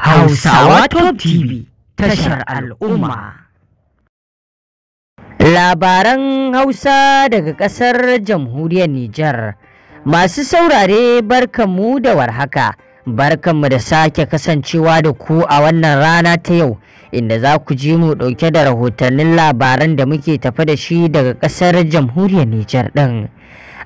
Hausawa Top TV tashar al'umma. Labaran Hausa daga ƙasar jamhuriyar Nijar. Masu saurare barkanmu da warhaka, barkanmu da sake kasancewa da ku a wannan rana ta yau inda za ku ji mu ɗauke da rahotannin labaran da muke tafa da shi daga ƙasar jamhuriyar Nijar ɗin.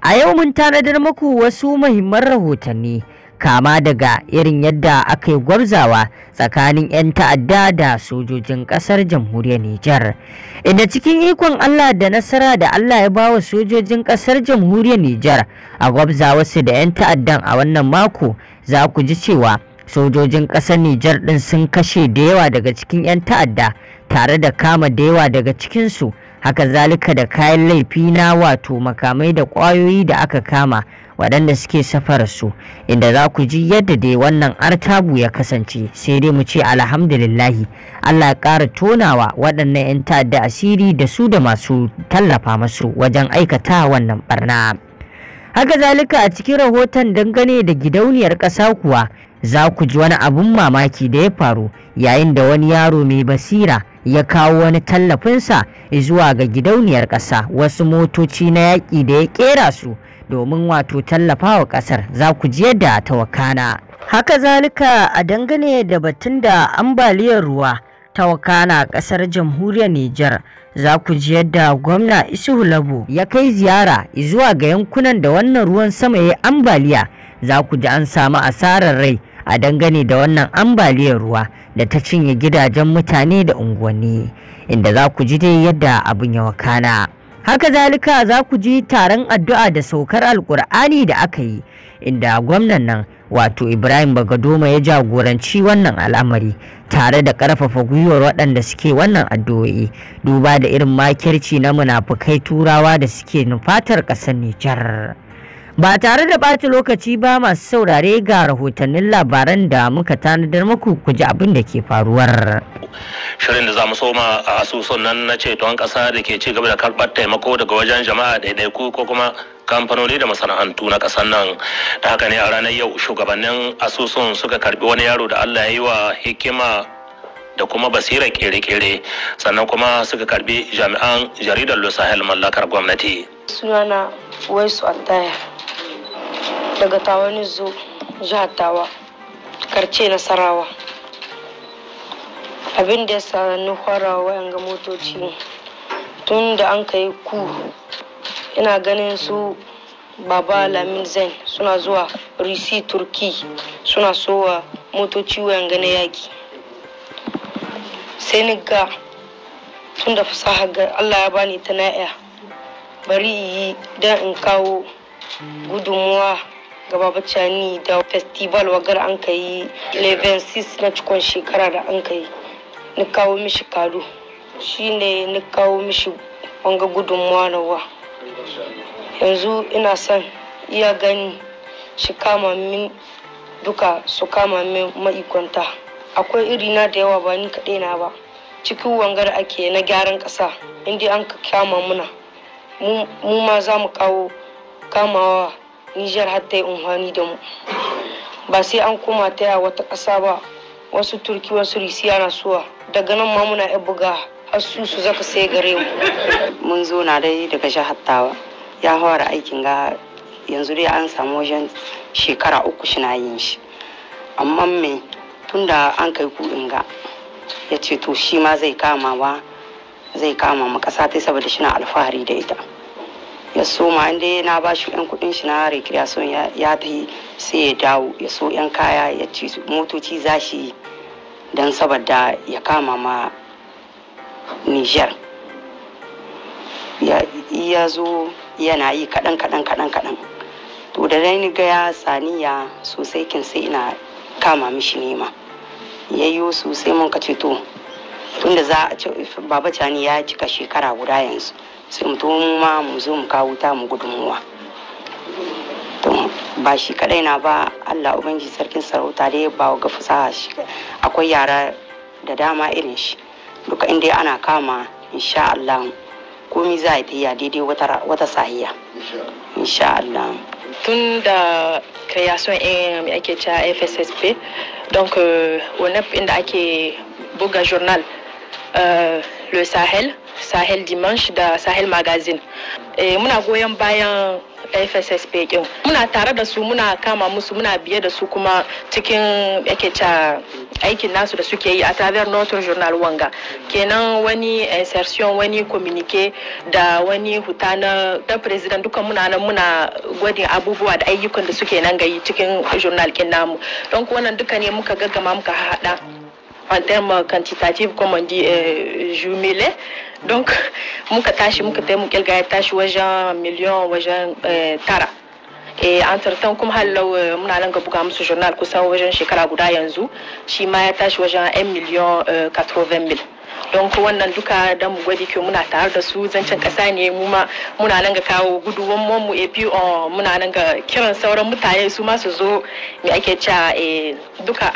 A yau mun tanadar muku wasu muhimman rahotanni. kama daga irin yadda aka yi gwarzawa tsakanin 'yan ta'adda da sojojin kasar jamhuriyar Nijar. Inda cikin ikon Allah da nasara da Allah ya bawa sojojin kasar jamhuriyar Nijar a gwabza wasu da 'yan ta'addan a wannan mako za ku ji cewa sojojin kasar Nijar ɗin sun kashe da yawa daga cikin 'yan ta'adda tare da kama da yawa daga cikinsu. haka zalika da kayan laifi na wato makamai da ƙwayoyi da aka kama waɗanda suke safararsu inda za ku ji yadda dai wannan artabu ya kasance sai dai mu ce alhamdulillahi allah ya ƙara tonawa waɗannan 'yan ta'adda asiri da su da masu tallafa masu wajen aikata wannan barna haka zalika a cikin rahoton dangane da gidauniyar ƙasa kuwa za ku ji wani abun mamaki da ya faru yayin da wani yaro mai basira ya kawo wani tallafinsa zuwa ga gidauniyar ƙasa wasu motoci na yaƙi da ya ƙera su domin wato tallafawa ƙasar za ku ji yadda ta wakana. Haka zalika a dangane da batun da ambaliyar ruwa ta wakana ƙasar jamhuriyar Nijar za ku ji yadda gwamna Isuhu labu ya kai ziyara zuwa ga yankunan da wannan ruwan sama ya ambaliya za ku ji an samu asarar rai. a dangane da wannan ambaliyar ruwa da ta cinye gidajen mutane da unguwanni inda za ku ji dai yadda abin ya wakana haka zalika za ku ji taron addu'a da saukar alkur'ani da aka yi inda gwamnan nan wato ibrahim bagadoma ya jagoranci wannan al'amari tare da karfafa gwiwar waɗanda suke wannan addu'o'i duba da irin makirci na munafukai turawa da suke nufatar ƙasar nijar Ba tare da ɓata lokaci ba masu saurare ga rahotannin labaran da muka tanadar muku ku ji abin da ke faruwar. Shirin da za mu soma a asusun nan na ceton ƙasa da ke ci gaba da karɓar taimako daga wajen jama'a ɗaiɗaiku ko kuma kamfanoni da masana'antu na ƙasar nan da haka ne a ranar yau shugabannin asusun suka karbi wani yaro da Allah ya yi wa hikima da kuma basira kere-kere sannan kuma suka karbi jami'an jaridar lusahel mallakar gwamnati sunana waisu attaya daga tawani zo jihar tawa karce nasarawa abin da ya sa ni fara wayan ga motoci tun da an kai ku ina ganin su baba lamin zain suna zuwa risi turki suna sowa motoci wayan na yaki sai ni ga tun da fasaha ga allah ya bani ta na'ya bari yi don in kawo gudunmuwa ga babacani da festival wagar an ka yi six na cikon shekara da an ka yi ni kawo mishi kado ne ni kawo mishi wanga gudunmuwa wa. yanzu ina son iya gani shi kama min duka su kama min ma'ikwanta akwai na da yawa ba ni kaɗai na ba cikin wangar ake na gyaran ƙasa inda an ka kama muna mu ma za mu kawo kamawa nijar har ta yi unhani da mu ba sai an koma ta wata ƙasa ba wasu turki wasu risiya na suwa daga nan ma muna ya buga asusu zaka sai gare mu mun zo na dai daga jihar tawa ya fara aikin ga yanzu dai an samu wajen shekara uku shi na yin shi amma me tunda an kai kuɗin ga ya ce to shi ma zai kama kamawa zai kama mu ƙasa ta saboda shi na alfahari da ita ya soma inda na ba yan kudin shi na recreation ya tafi sai ya dawo ya so yan kaya ya ci motoci za shi don saboda ya kama ma niger ya zo yana yi kaɗan kaɗan kaɗan kaɗan to da dai ni gaya saniya sosai kin sai ina kama mishi nema yayyo sosai mun ka ce to tunda za a baba cani ya cika shekara guda yanzu sai mu tomo ma mu zo mu kawo ta mu gudunmuwa ba shi kadai na ba allah ubangiji sarkin sarauta da ya ba wa gafusa shi akwai yara da dama irin shi duka inda ana kama insha allah komi za a yi daidai wata sahiya insha allah tun da creation in eh, ake cewa fssp donc euh, wani inda ake buga journal euh, le sahel sahel dimanche da sahel magazine e, muna goyon bayan fssp kin muna tare da su muna kama musu muna biye da su kuma cikin yake ta aikin nasu da suke yi a travers notre journal wanga kenan wani insertion wani communique da wani huta da president duka muna nan muna gwadin abubuwa da ayyukan da suke nan gayi cikin journal kin namu don wannan duka ne muka gaggama muka hada en termes quantitatifs, comme on dit, euh, jumelés. donc muka tashi muka tai mu kirga ya tashi wajen miliyan wajen eh, tara e eh, antartan kuma hallau eh, muna nan ga buga musu jurnal kusan wajen shekara guda yanzu shi ma ya tashi wajen 'yan miliyan 80 mil don wannan duka don mu gwadi ke muna tare da su zancen kasa ne mu ma muna nan ga kawo guduwan mu AP muna nan ga kiran sauran mutane su masu zo me ake cewa duka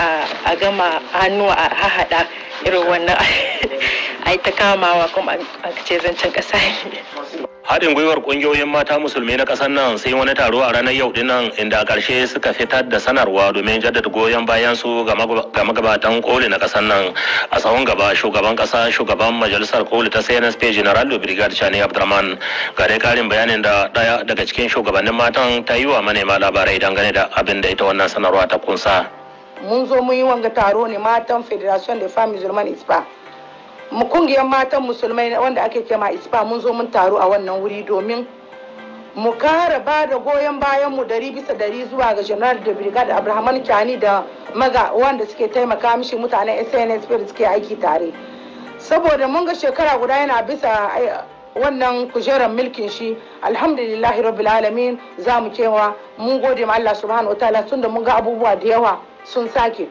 a gama hannu a hahada irin wannan a ta kamawa kuma a ce zancen ƙasa haɗin gwiwar ƙungiyoyin mata musulmi na ƙasar nan sai wani taro a ranar yau dinnan inda a ƙarshe suka fitar da sanarwa domin jaddada goyon bayan su ga magabatan koli na ƙasar nan a tsawon gaba shugaban ƙasa shugaban majalisar koli ta spain general brigade chani abdurrahman ga dai ƙarin bayanin da ɗaya daga cikin shugabannin matan ta yi wa manema labarai dangane da abin da ita wannan sanarwa ta kunsa. mun zo mun yi wanga taro ne matan federation de femmes musulman ispa mu kungiyar matan musulmai wanda ake kema ispa mun zo mun taro a wannan wuri domin mu kara ba da goyon bayan mu dari bisa dari zuwa ga general da brigade abrahaman kyani da maga wanda suke taimaka mishi mutanen sns da suke aiki tare saboda mun ga shekara guda yana bisa eh, wannan kujerar mulkin shi alhamdulillahi rabbil alamin za mu kewa mun gode ma Allah subhanahu wataala tun da mun ga abubuwa da yawa sun sake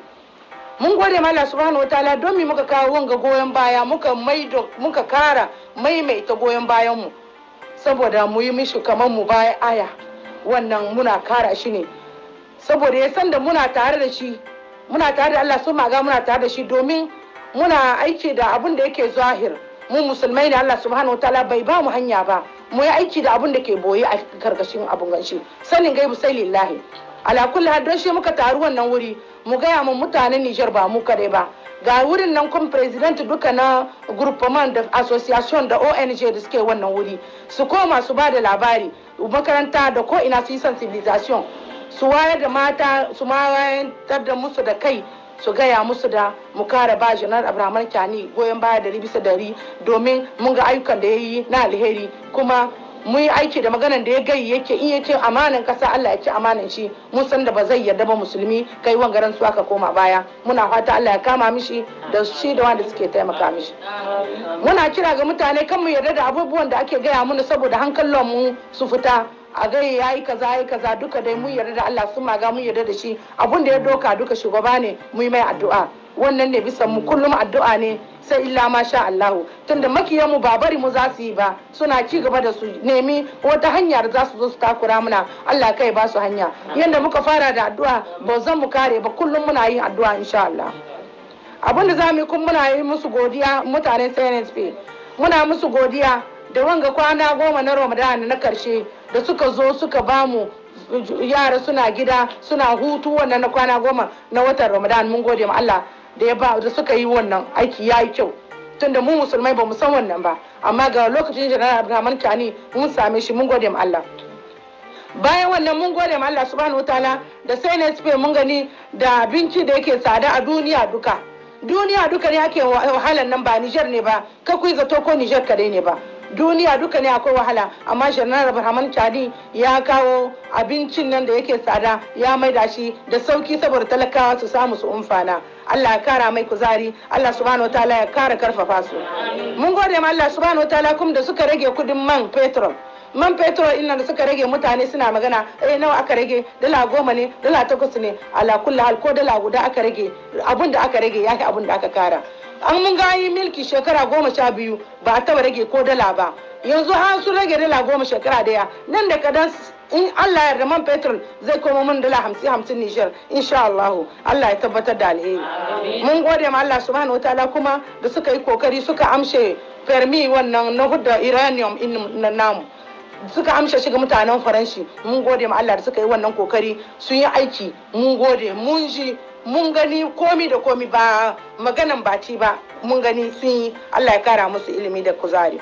mun gode Allah subhanahu wataala don mi muka kawo wanga goyon baya muka maido muka kara maimaita goyon bayan mu saboda mu yi mishi kamar mu baya aya wannan muna kara shi ne saboda ya san da muna tare da shi muna tare da Allah subhanahu ga muna tare da shi domin muna aiki da abin da yake zahir mu musulmai ne Allah subhanahu wataala bai ba mu hanya ba mu yi aiki da abin da ke boye a karkashin abun shi sanin gaibu sai lillahi ala kulli hal don shi muka taru wannan wuri mu gaya mun mutanen Niger ba mu kadai ba ga wurin nan kuma president duka na groupement da association da ONG da suke wannan wuri su koma su ba da labari makaranta da ko ina su yi sensibilisation su wayar da mata su wayantar da musu da kai su gaya musu da mu kare ba janar abraman kyani goyon baya dari bisa dari domin mun ga ayyukan da ya yi na alheri kuma mu yi aiki da maganan da ya gai yake in ya ce amanan kasa Allah ya ci amanan shi mun san da ba zai yarda ba musulmi kai garan su aka koma baya muna fata Allah ya kama mishi da shi da wanda suke taimaka mishi muna kira ga mutane kan mu yarda da abubuwan da ake gaya mana saboda hankalin mu su fita a gai ya yi kaza ya kaza duka dai mun yarda da Allah sun maga mun yarda da shi abun da ya doka duka shugaba ne mu yi mai addu'a wannan ne bisa mu kullum addu'a ne sai illa ma sha Allahu tunda makiyan mu ba bari mu za su yi ba suna ci gaba da su nemi wata hanya da za su zo su takura muna Allah kai ba su hanya yanda muka fara da addu'a ba zan mu kare ba kullum muna yin addu'a insha Allah abin da za mu yi kun muna yi musu godiya mutanen CNSP muna musu godiya da wanga kwana goma na Ramadan na karshe da suka zo suka bamu yara suna gida suna hutu wannan na kwana goma na watan Ramadan mun gode ma Allah da ya ba da suka yi wannan aiki ya yi kyau tunda mu musulmai ba mu san wannan ba amma ga lokacin janar abdulrahman kani mun same shi mun gode ma Allah bayan wannan mun gode ma Allah subhanahu wataala da sai na mun gani da abinci da yake tsada a duniya duka duniya duka ne ake wahalan nan ba Niger ne ba ka yi zato ko Niger kadai ne ba duniya duka ne akwai wahala amma janar abrahaman kani ya kawo abincin nan da yake tsada ya maida shi da sauki saboda talakawa su samu su umfana Allah ya kara mai kuzari Allah subhanahu ta'ala ya kara karfafa su mun gode ma Allah subhanahu ta'ala kuma da suka rage kudin man petrol man petrol ina da suka rage mutane suna magana eh nawa aka rage dala goma ne dala takwas ne ala kulli hal ko dala guda aka rage abin da aka rage yake abin da aka kara an mun ga yi milki shekara goma sha biyu ba a taba rage ko dala ba yanzu har su rage dala goma shekara daya nan da kadan in Allah ya yarda man fetur zai koma min dala hamsin hamsin Nijar insha Allah Allah ya tabbatar da alheri mun gode ma Allah subhanahu wataala kuma da suka yi kokari suka amshe fermi wannan na hudda uranium na namu suka amsha shiga mutanen faranshi mun gode ma Allah da suka yi wannan kokari sun yi aiki mun gode mun ji mun gani komi da komi ba maganan baci ba mun gani sun yi Allah ya kara musu ilimi da kuzari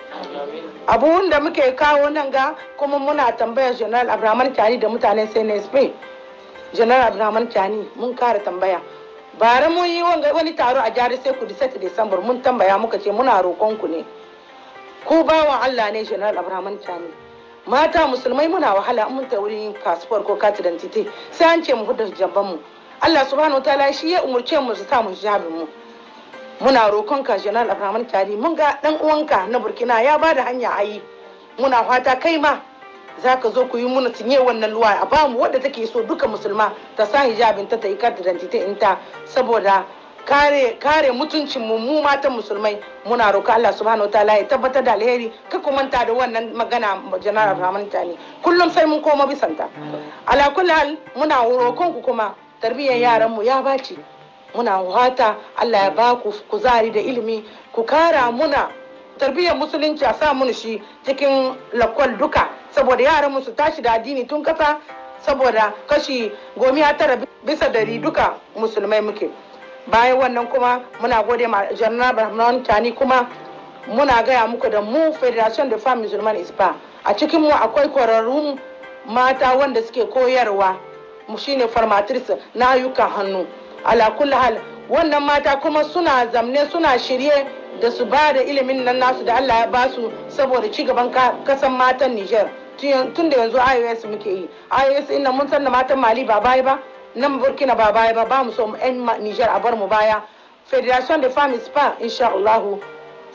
abubuwan da muke kawo nan ga kuma muna tambayar general abraman kyani da mutanen sai spain general abraman kyani mun kara tambaya bara mun yi wani taro a jari sai ku 17 disambar mun tambaya muka ce muna roƙon ku ne ku bawa Allah ne general abraman kyani mata musulmai muna wahala mun ta wurin kasuwar ko kati sai an ce mu hudu jamban mu Allah subhanahu ta'ala shi ya umurce mu su sa mu jabin mu muna rokon ka janar abraman kyari mun ga dan uwanka na burkina ya bada hanya ayi muna fata kai ma zaka zo ku yi muna tinye wannan luwa a ba mu wanda take so duka musulma ta sa hijabin ta ta yi karta ta in ta saboda kare kare mutuncin mu mu matan musulmai muna roka Allah subhanahu ta'ala ya tabbatar da alheri ka ku manta da wannan magana janar abraman kyari kullum sai mun koma bisanta ala kullal muna rokon ku kuma tarbiyyar yaranmu ya bace muna wata Allah ya ba ku kuzari da ilimi ku kara muna tarbiyyar musulunci a sa mun shi cikin lakwal duka saboda yaran mu su tashi da addini tun kasa saboda kashi a tara bisa dari duka musulmai muke bayan wannan kuma muna gode ma janar brahman tani kuma muna gaya muku da mu federation de femmes musulman ispa a cikin mu akwai kwararrun mata wanda suke koyarwa mu shine farmatris na ayyukan hannu ala hal wannan mata kuma suna zamne suna shirye da su ba da ilimin nan nasu da Allah ya basu saboda ci gaban kasan matan Niger tun da yanzu IOS muke yi IOS ina mun san da matan Mali ba baya ba nan Burkina ba baya ba ba mu so mu yan Niger a bar mu baya Federation de Femmes Spa insha Allah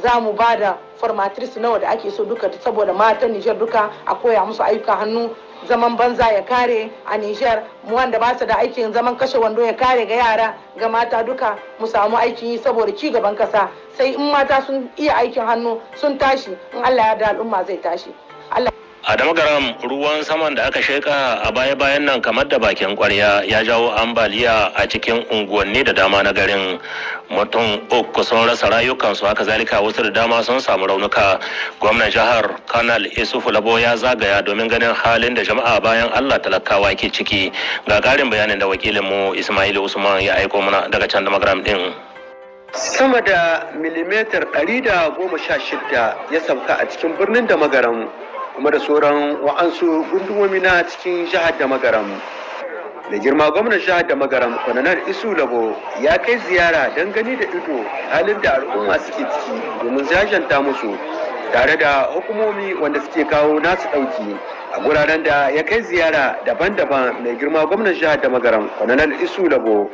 za mu ba da formatrice nawa da ake so duka saboda matan Niger duka a koya musu ayyuka hannu zaman banza ya kare a Nijar mu wanda ba su da aikin zaman kashe wando ya kare ga yara ga mata duka mu samu aikin yi saboda ci gaban kasa sai in mata sun iya aikin hannu sun tashi in Allah ya da al'umma zai tashi Allah a damagaram ruwan saman da aka sheka a baya-bayan nan kamar da bakin kwarya ya jawo ambaliya a cikin unguwanni da dama na garin mutum uku sun rasa rayukansu haka zalika wasu da dama sun samu raunuka gwamnan jihar kanal isufu labo ya zagaya domin ganin halin da jama'a bayan allah talakawa ke ciki ga karin bayanin da wakilinmu ismail usman ya aiko mana daga can damagaram din sama da milimetar 116 ya sauka a cikin birnin da magaram kuma da sauran wa'ansu gundumomi na cikin jihar da magaram da girma gwamnan jihar da magaram kwananar isu labo ya kai ziyara don gani da ido halin da al'umma suke ciki domin jajanta musu tare da hukumomi wanda suke kawo nasu ɗauki a guraren da ya kai ziyara daban-daban mai girma gwamnan jihar da magaram kwananar isu labo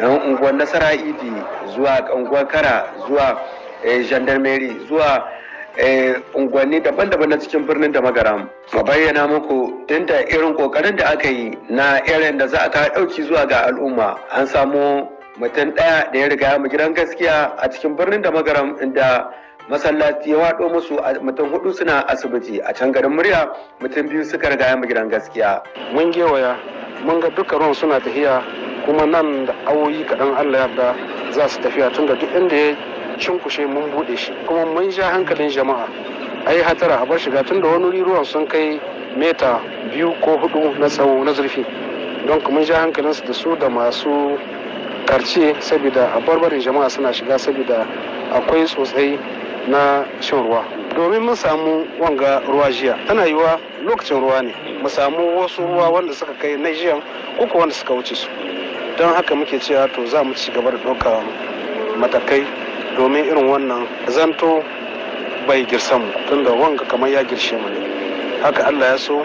na unguwar nasara idi zuwa kanguwar kara zuwa eh, gendarmerie zuwa Eh, unguwanni daban-daban na cikin birnin da magaram mu bayyana muku tun irin kokarin da aka yi na irin da za a kawo ɗauki zuwa ga al'umma an samu mutum ɗaya da ya riga mu gidan gaskiya a cikin birnin da magaram inda masallaci ya waɗo musu a mutum hudu suna asibiti a can garin murya mutum biyu suka riga mu gidan gaskiya mun gewaya mun ga duka ruwan suna tafiya kuma nan da awoyi kaɗan allah yarda za su tafiya tun da duk inda ya cinkushe mun bude shi kuma mun ja hankalin jama'a a yi hatara a bar shiga tun da wani ruwan sun kai meta biyu ko hudu na tsawo na zurfi don kuma ja hankalinsu da su da masu karce saboda a barbarin jama'a suna shiga saboda akwai sosai na shan ruwa domin mun samu wanga ruwa jiya tana yiwa lokacin ruwa ne mu samu wasu ruwa wanda suka kai na jiyan kuka wanda suka wuce su don haka muke cewa to za mu ci gaba da ɗaukar matakai domin irin wannan zanto bai girsamu tunda wanga kamar ya girshe mu ne haka allah ya so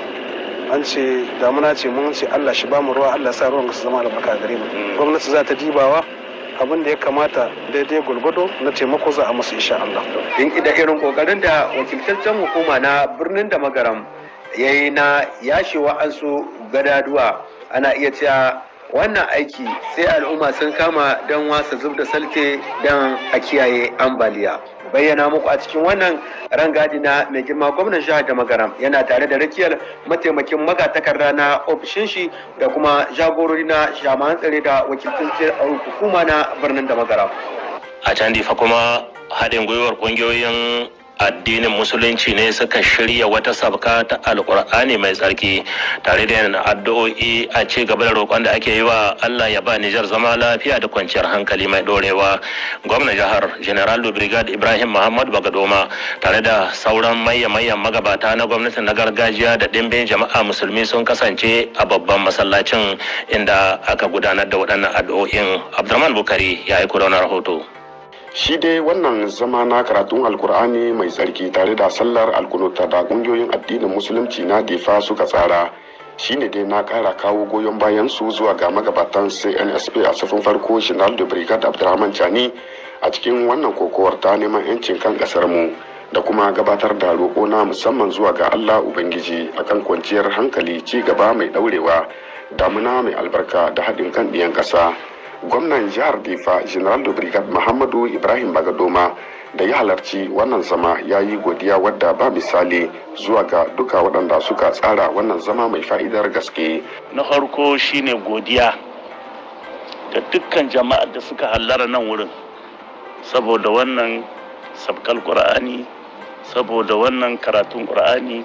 an ce damuna ce mun ce Allah shi ba mu ruwa Allah sa ruwan su zama albarka gare mu gwamnati za ta dibawa abin da ya kamata daidai gulgudu na taimako za a musu insha Allah in ida irin kokarin da wakiltaccen hukuma na birnin da magaram yayi na yashewa an su gadaduwa ana iya cewa wannan aiki sai al'umma sun kama don wasa zub da salke don a kiyaye ambaliya bayyana muku a cikin wannan rangadi na mai girma gwamnan jihar da magaram yana tare da rakiyar mataimakin magatakarda na ofishin shi da kuma jagorori na jami'an tsare da wakilcin hukuma na birnin da magaram a can difa kuma haɗin gwiwar ƙungiyoyin addinin musulunci ne suka shirya wata sabka ta alkur'ani mai tsarki tare da yin addu'o'i a ci gaba da roƙon da ake yi wa Allah ya ba Nijar zama lafiya da kwanciyar hankali mai dorewa Gwamna jihar general brigade Ibrahim Muhammad Bagadoma tare da sauran maye magabata na gwamnati na gargajiya da ɗimbin jama'a musulmi sun kasance a babban masallacin inda aka gudanar da waɗannan addu'o'in Abdurrahman Bukari ya yi da rahoto. shi dai wannan zama na karatun alkur'ani mai tsarki tare da sallar alkunuta da kungiyoyin addinin musulunci na difa suka tsara shi ne dai na kara kawo goyon bayan su zuwa ga magabatan cnsp a safin farko shinal da brigad abdulrahman chani a cikin wannan kokowar ta neman yancin kan kasar mu da kuma gabatar da roƙo na musamman zuwa ga allah ubangiji akan kwanciyar hankali ci gaba mai daurewa damuna mai albarka da haɗin kan ɗiyan ƙasa gwamnan jihar difa general da brigade muhammadu ibrahim bagadoma da ya halarci wannan zama ya yi godiya wadda ba misali zuwa ga duka waɗanda suka tsara wannan zama mai fa'idar gaske na farko shine godiya da dukkan jama'ar da suka hallara nan wurin saboda wannan sabkal ƙur'ani saboda wannan karatun ƙur'ani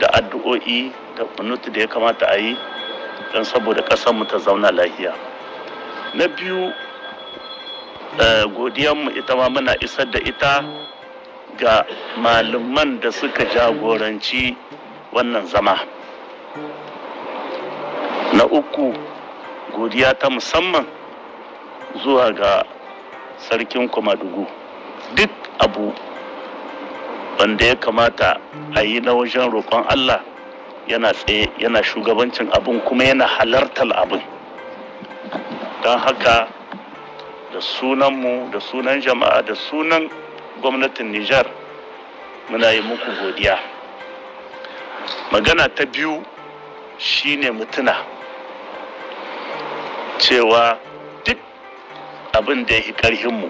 da addu'o'i da kunutu da ya kamata a yi don saboda ƙasarmu ta zauna lafiya. na biyu eh, godiyanmu ita ma muna isar da ita ga malaman da suka jagoranci wannan zama na uku godiya ta musamman zuwa ga sarkin kumadugu duk abu wanda ya kamata a yi na wajen roƙon allah yana tsaye yana shugabancin abin kuma yana halartar abin don haka da sunanmu da sunan jama'a da sunan gwamnatin nijar muna yi muku godiya magana ta biyu shine mutuna cewa duk abin da ya fi ƙarhinmu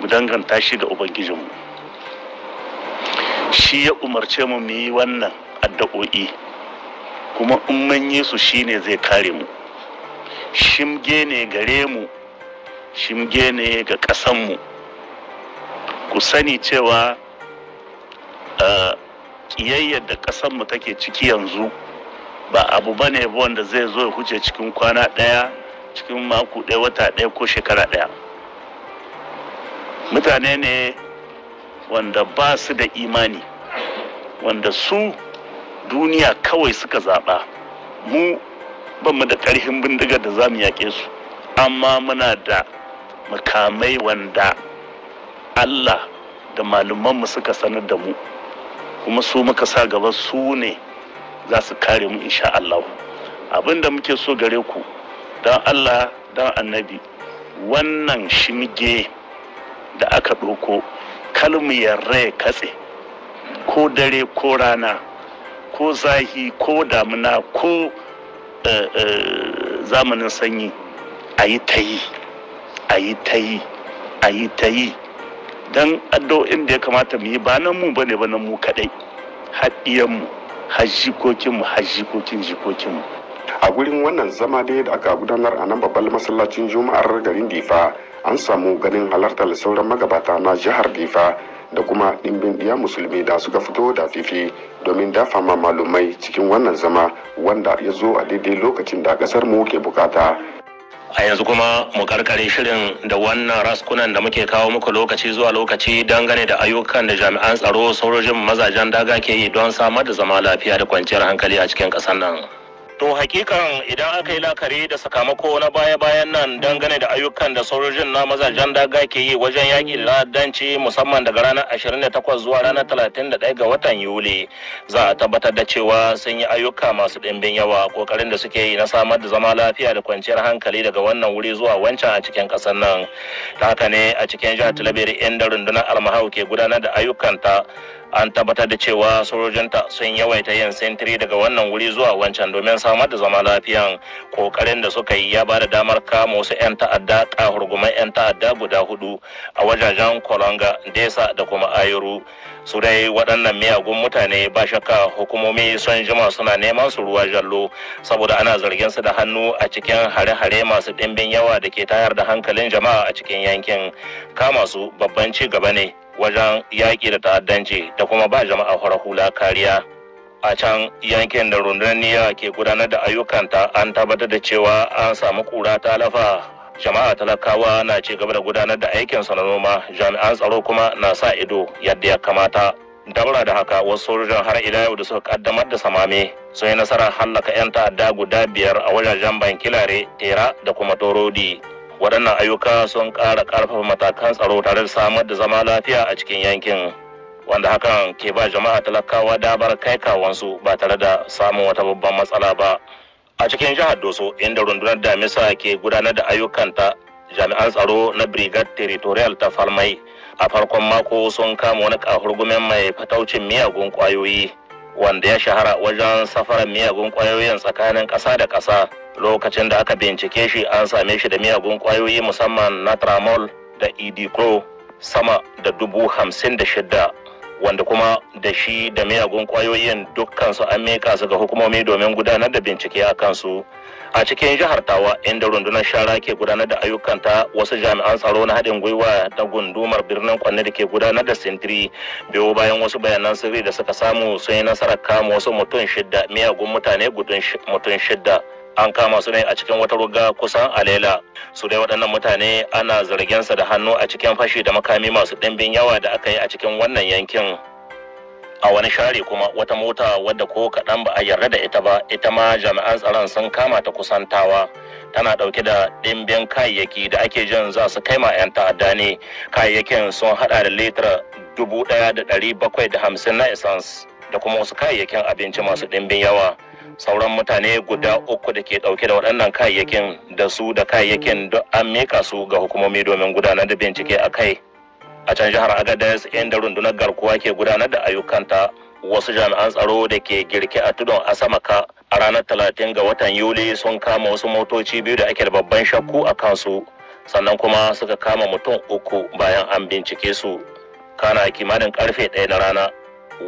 mu danganta shi ga ubangijinmu shi ya umarce mu mu yi wannan addu'o'i kuma in manye su shine zai kare mu shimge ne gare mu shimge ne ga mu ku sani cewa ƙiyayyar da ƙasanmu take ciki yanzu ba abu ba ne wanda zai zo ya huce cikin kwana ɗaya cikin mako ɗaya wata ɗaya ko shekara ɗaya mutane ne wanda ba su da imani wanda su duniya kawai suka zaɓa mu ba mu da ƙarfin bindiga da za mu yaƙe su amma muna da makamai wanda allah da malumanmu suka sanar da mu kuma su muka sa gaba su ne za su kare mu insha allah abin da muke so gare ku don allah don annabi wannan shimge da aka ɗauko kalmu yarra katse ko dare ko rana ko zahi ko damina ko Eh, eh, zamanin sanyi a yi ta yi a yi ta yi a yi ta yi don addu'o'in da ya kamata mu yi ba nan mu bane ba nan mu kaɗai haɗiyanmu hajjikokinmu hajjikokin jikokinmu a gurin wannan zama dai da aka gudanar a nan babban masallacin juma'ar garin difa an samu ganin halartar sauran magabata na jihar difa da kuma ɗimbin ɗiya musulmi da suka fito da fifi domin dafa ma malumai cikin wannan zama wanda ya zo a daidai lokacin da ƙasar mu ke bukata a yanzu kuma mu karkare shirin da wannan raskunan da muke kawo muku lokaci zuwa lokaci dangane da ayyukan da jami'an tsaro sojojin mazajen daga ke yi don samar da zama lafiya da kwanciyar hankali a cikin ƙasar nan. To hakikan idan aka yi lakari da sakamako na baya-bayan nan dangane da ayyukan da sojojin na mazajen daga ke yi wajen yaƙi ladanci musamman daga ranar 28 zuwa ranar 31 ga watan Yuli za a tabbatar da cewa sun yi ayyuka masu ɗimbin yawa ƙoƙarin da suke yi na samar da zama lafiya da kwanciyar hankali daga wannan wuri zuwa wancan a cikin ƙasar nan. Ta haka ne a cikin jihar Talabiri inda rundunar Almahau ke gudanar da ayyukanta an tabbatar da cewa sojojinta sun yawaita yin sintiri daga wannan wuri zuwa wancan domin samar da zama lafiyan kokarin da suka yi ya ba da damar kama wasu 'yan ta'adda kahurguman 'yan ta'adda guda hudu a wajajen kolonga desa da kuma ayuru su dai waɗannan miyagun mutane ba shakka hukumomi sun jima suna neman su ruwa jallo saboda ana zargin su da hannu a cikin hare-hare masu ɗimbin yawa da ke tayar da hankalin jama'a a cikin yankin kama su babban ci gaba ne wajen yaƙi da ta'addanci da kuma ba jama'a hura hula kariya a can yankin da rundunar niyya ke gudanar da ayyukanta an tabbatar da cewa an samu kura ta lafa jama'a talakawa na ci gaba da gudanar da aikin na noma jami'an tsaro kuma na sa ido yadda ya kamata daura da haka wasu sojojin har ila yau da suka kaddamar da samame sun yi nasarar hallaka 'yan ta'adda guda biyar a wajajen bankilare tera da kuma torodi waɗannan ayyuka sun ƙara ƙarfafa matakan tsaro tare da samar da zama lafiya a cikin yankin wanda hakan ke ba jama'a talakawa damar kai kawansu ba tare da samun wata babban matsala ba a cikin jihar doso inda rundunar damisa ke gudanar da ayyukanta jami'an tsaro na brigade territorial ta falmai a farkon mako sun kama wani kahurgumin mai fataucin miyagun kwayoyi wanda ya shahara wajen safarar miyagun kwayoyin tsakanin ƙasa da ƙasa lokacin da aka bincike shi an same shi da miyagun kwayoyi musamman na tramol da idicro sama da dubu hamsin da shida wanda kuma da shi da miyagun kwayoyin dukkan su an meka su ga hukumomi domin gudanar da bincike a kansu a cikin jihar tawa inda rundunar shara ke gudanar da ayyukan ta wasu jami'an tsaro na haɗin gwiwa da gundumar birnin kwanne da ke gudanar da sintiri biyo bayan wasu bayanan sirri da suka samu sun yi nasarar kama wasu mutum shidda miyagun mutane mutum shidda an kama su ne a cikin wata ruga kusan alela su dai waɗannan mutane ana zargin da hannu a cikin fashi da makami masu ɗimbin yawa da aka yi a cikin wannan yankin a wani share kuma wata mota wadda ko kaɗan ba a yarda da ita ba ita ma jami'an tsaron sun kama ta kusantawa tana ɗauke da ɗimbin kayayyaki da ake jin za su kai ma 'yan ta'adda ne kayayyakin sun haɗa da litra dubu ɗaya da ɗari bakwai da hamsin na essence da kuma wasu kayayyakin abinci masu ɗimbin yawa sauran mutane guda mm. uku da ke dauke da waɗannan kayayyakin mm. da su da kayayyakin duk an mika su ga hukumomi domin gudanar da bincike mm. a kai a can jihar agadez inda rundunar garkuwa ke gudanar da ayyukanta wasu jami'an tsaro da ke girke a tudun asamaka a ranar talatin ga watan yuli sun kama wasu motoci biyu da ake da babban shakku a kansu sannan kuma suka kama mutum uku bayan an bincike su kana kimanin karfe ɗaya na rana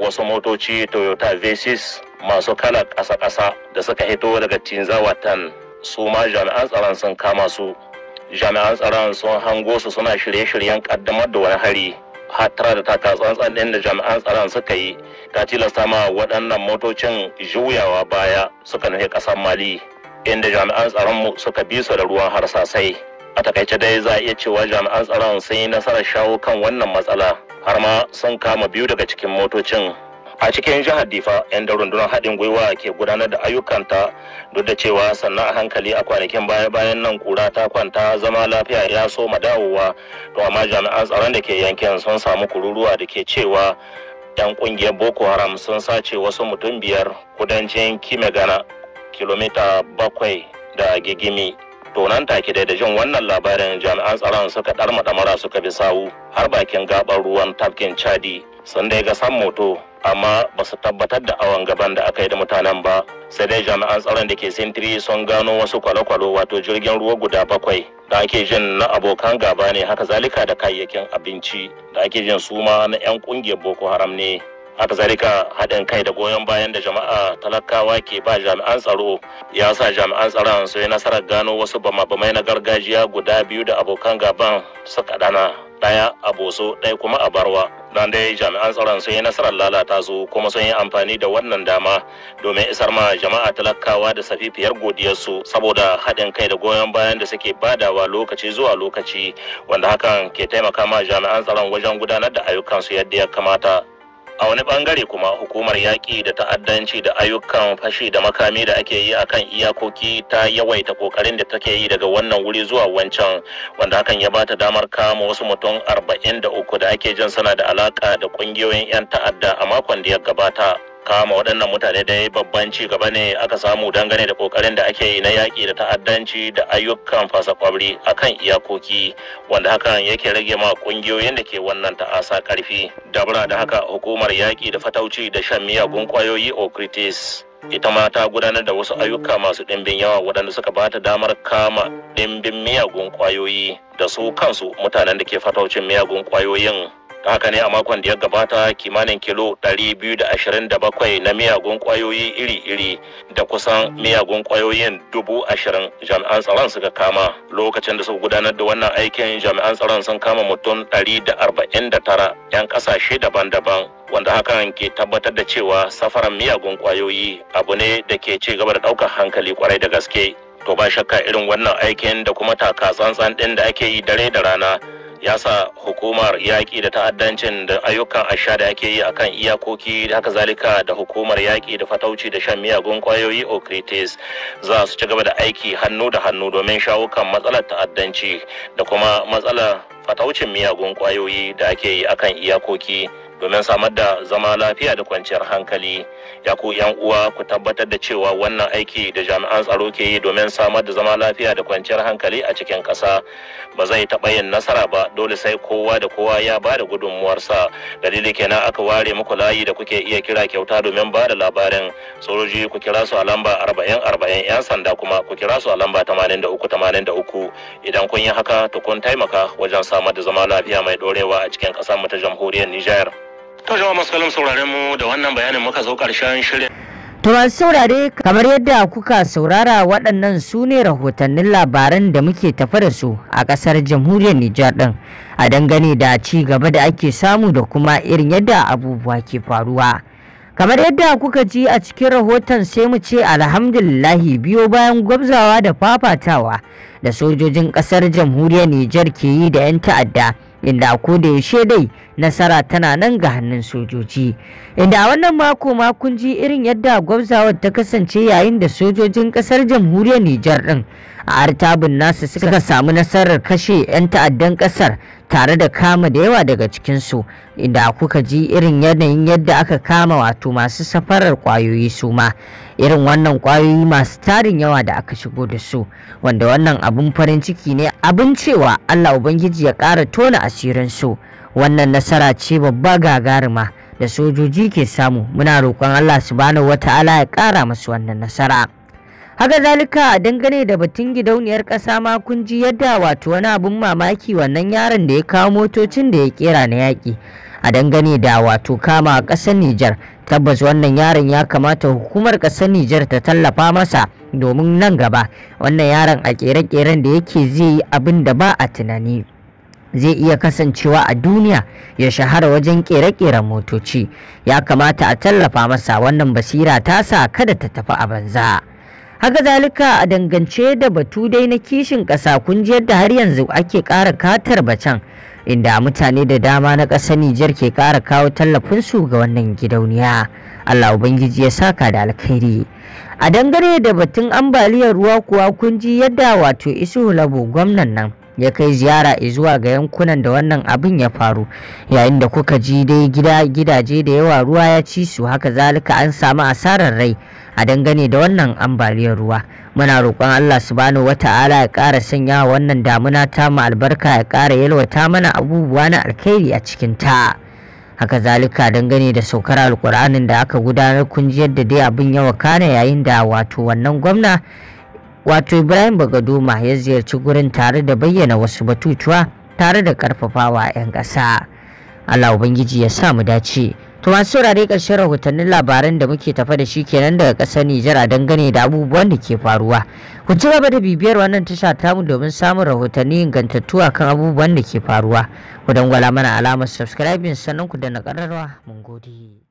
wasu motoci toyota v6 masu kalar ƙasa-ƙasa da suka hito daga Tinzawatan su ma jami'an tsaron sun kama su. Jami'an tsaron sun hango su suna shirye-shiryen ƙaddamar da wani hari. hatara da taka tsantsan ɗin da jami'an tsaron suka yi ta tilasta ma waɗannan motocin juyawa baya suka nufi ƙasar mali inda jami'an tsaron mu suka bi su da ruwan harsasai a takaice dai za a iya cewa jami'an tsaron sun yi nasarar shawo kan wannan matsala har ma sun kama biyu daga cikin motocin a cikin jihar difa yan da rundunar haɗin gwiwa ke gudanar da ayyukanta duk da cewa sannan a hankali a kwanakin baya bayan nan kura ta kwanta zama lafiya ya so dawowa to amma jami'an tsaron da ke yankin sun samu kururuwa da ke cewa yan kungiyar boko haram sun sace wasu mutum biyar kudancin kimegana kilomita bakwai da gigimi to nan take da jin wannan labarin jami'an tsaron suka ɗarma ɗamara suka bi sawu har bakin gaɓar ruwan tafkin chadi sun dai ga san moto amma ba su tabbatar da awon gaban da aka yi da mutanen ba sai dai jami'an tsaron da ke sintiri sun gano wasu kwale-kwale wato jirgin ruwa guda bakwai da ake jin na abokan gaba ne haka zalika da kayayyakin abinci da ake jin suma na 'yan kungiyar boko haram ne haka zalika haɗin kai da goyon bayan da jama'a talakawa ke ba jami'an tsaro ya sa jami'an tsaron su yi nasarar gano wasu bama-bamai na gargajiya guda biyu da abokan gaban suka dana ɗaya a boso ɗaya kuma a barwa don dai jami'an tsaron sun yi nasarar lalata su kuma sun yi amfani da wannan dama domin isar ma jama'a talakawa da safifiyar godiyarsu saboda haɗin kai da goyon bayan da suke badawa lokaci zuwa lokaci wanda hakan ke taimaka ma jami'an tsaron wajen gudanar da ayyukansu yadda ya kamata a wani bangare kuma hukumar yaƙi da ta'addanci da ayyukan fashi da makami da ake yi akan iyakoki ta yawaita kokarin da take yi daga wannan wuri zuwa wancan wanda hakan ya bata damar kama wasu mutum arba'in da uku da ake jin suna da alaka da ƙungiyoyin 'yan ta'adda a makon da ya gabata kama waɗannan mutane dai babban ci gaba ne aka samu dangane da kokarin da ake yi na yaƙi da ta'addanci da ayyukan fasa kwabri a kan iyakoki wanda hakan yake rage ma ƙungiyoyin da ke wannan ta'asa ƙarfi dabra da haka hukumar yaƙi da fatauci da shan miyagun ƙwayoyi okritis ita ma ta gudanar da wasu ayyuka masu ɗimbin yawa waɗanda suka ba ta damar kama ɗimbin miyagun ƙwayoyi da su kansu mutanen da ke fataucin miyagun ƙwayoyin haka ne a makon da ya gabata kimanin kilo 227 na miyagun kwayoyi iri-iri da kusan miyagun kwayoyin dubu ashirin jami'an tsaron suka kama lokacin da suka gudanar da wannan aikin jami'an tsaron sun kama mutum 149 'yan kasashe daban-daban wanda hakan ke tabbatar da cewa safaran miyagun kwayoyi abu ne da ke ci gaba da ɗaukar hankali kwarai da gaske to ba shakka irin wannan aikin da kuma taka tsantsan ɗin da ake yi dare da rana ya sa hukumar yaƙi da ta'addancin da ayyukan asha da ake yi akan iyakoki da haka zalika da hukumar yaƙi da fatauci da shan miyagun kwayoyi okritis za su ci gaba da aiki hannu da hannu domin shawo kan matsalar ta'addanci da kuma matsalar fataucin miyagun kwayoyi da ake yi akan iyakoki domin samar da zama lafiya da kwanciyar hankali ya ku yan uwa ku tabbatar da cewa wannan aiki da jami'an tsaro ke yi domin samar da zama lafiya da kwanciyar hankali a cikin ƙasa ba zai taɓa yin nasara ba dole sai kowa da kowa ya ba da gudunmuwarsa dalili kenan aka ware muku layi da kuke iya kira kyauta domin ba da labarin sojoji ku kira su a lamba arba'in arba'in yan sanda kuma ku kira su a lamba tamanin da uku tamanin da uku idan kun yi haka to kun taimaka wajen samar da zama lafiya mai ɗorewa a cikin ƙasar mu ta jamhuriyar Nijar. To jama'a masu kallon da wannan bayanin muka zo karshen shirin. To masu saurare kamar yadda kuka saurara waɗannan su ne rahotannin labaran da muke tafa da su a ƙasar jamhuriyar Nijar ɗin a dangane da ci gaba da ake samu da kuma irin yadda abubuwa ke faruwa. kamar yadda kuka ji a cikin rahoton sai mu ce alhamdulillahi biyo bayan gwabzawa da fafatawa da sojojin ƙasar jamhuriyar Nijar ke yi da 'yan ta'adda inda a koda yaushe dai nasara tana nan ga hannun sojoji inda a wannan mako ma kun ji irin yadda gwabzawar ta kasance yayin da sojojin kasar jamhuriyar Nijar din a artabin nasu suka samu nasarar kashe 'yan ta'addan kasar tare da kama da yawa daga cikinsu inda kuka ji irin yanayin yadda aka kama wato masu safarar kwayoyi su ma irin wannan kwayoyi masu tarin yawa da aka shigo da su wanda wannan abun farin ciki ne abin cewa allah ubangiji ya ƙara tona asirin su wannan nasara ce babba gagarima da sojoji ke samu muna roƙon allah subhanahu wata'ala ya ƙara masu wannan nasara haka zalika dangane da batun gidauniyar ƙasa ma kun ji yadda wato wani abun mamaki wannan yaron da ya kawo motocin da ya kera na yaki, a dangane da wato kama ƙasar Nijar tabbas wannan yaron ya kamata hukumar ƙasar Nijar ta tallafa masa domin nan gaba wannan yaron a ƙere-ƙeren da yake zai yi abin da ba a tunani zai iya kasancewa a duniya ya shahara wajen kere-keren motoci ya kamata a tallafa masa wannan basira ta sa kada ta tafi a banza. haka zalika a dangance da batu dai na kishin ƙasa kun ji yadda har yanzu ake ƙara katar bacan inda mutane da dama na ƙasar Nijar ke ƙara kawo tallafin su ga wannan gidauniya Allah Ubangiji ya saka da alkhairi a dangane da batun ambaliyar ruwa kuwa kun ji yadda wato isu labo gwamnan nan ya kai ziyara zuwa ga yankunan da wannan abin ya faru yayin da kuka ji dai gida gidaje da yawa ruwa ya ci su haka zalika an samu asarar rai a dangane da wannan ambaliyar ruwa muna roƙon Allah subhanahu wata'ala ya ƙara sanya wannan damuna ta mu albarka ya ƙara yalwata mana abubuwa na alkhairi a cikin ta haka zalika dangane da saukar alƙur'anin da aka gudanar kun ji yadda dai abin ya wakana yayin da wato wannan gwamna wato ibrahim bagadoma ya ziyarci gurin tare da bayyana wasu batutuwa tare da karfafawa 'yan ƙasa allah ubangiji ya sa mu dace to masu saurare ƙarshen rahotannin labaran da muke tafa da shi kenan daga ƙasar nijar dangane da abubuwan da ke faruwa ku ci gaba da bibiyar wannan tasha ta mu domin samun rahotanni ingantattu kan abubuwan da ke faruwa ku dangwala mana alamar subscribing sannan ku da na ƙararwa mun gode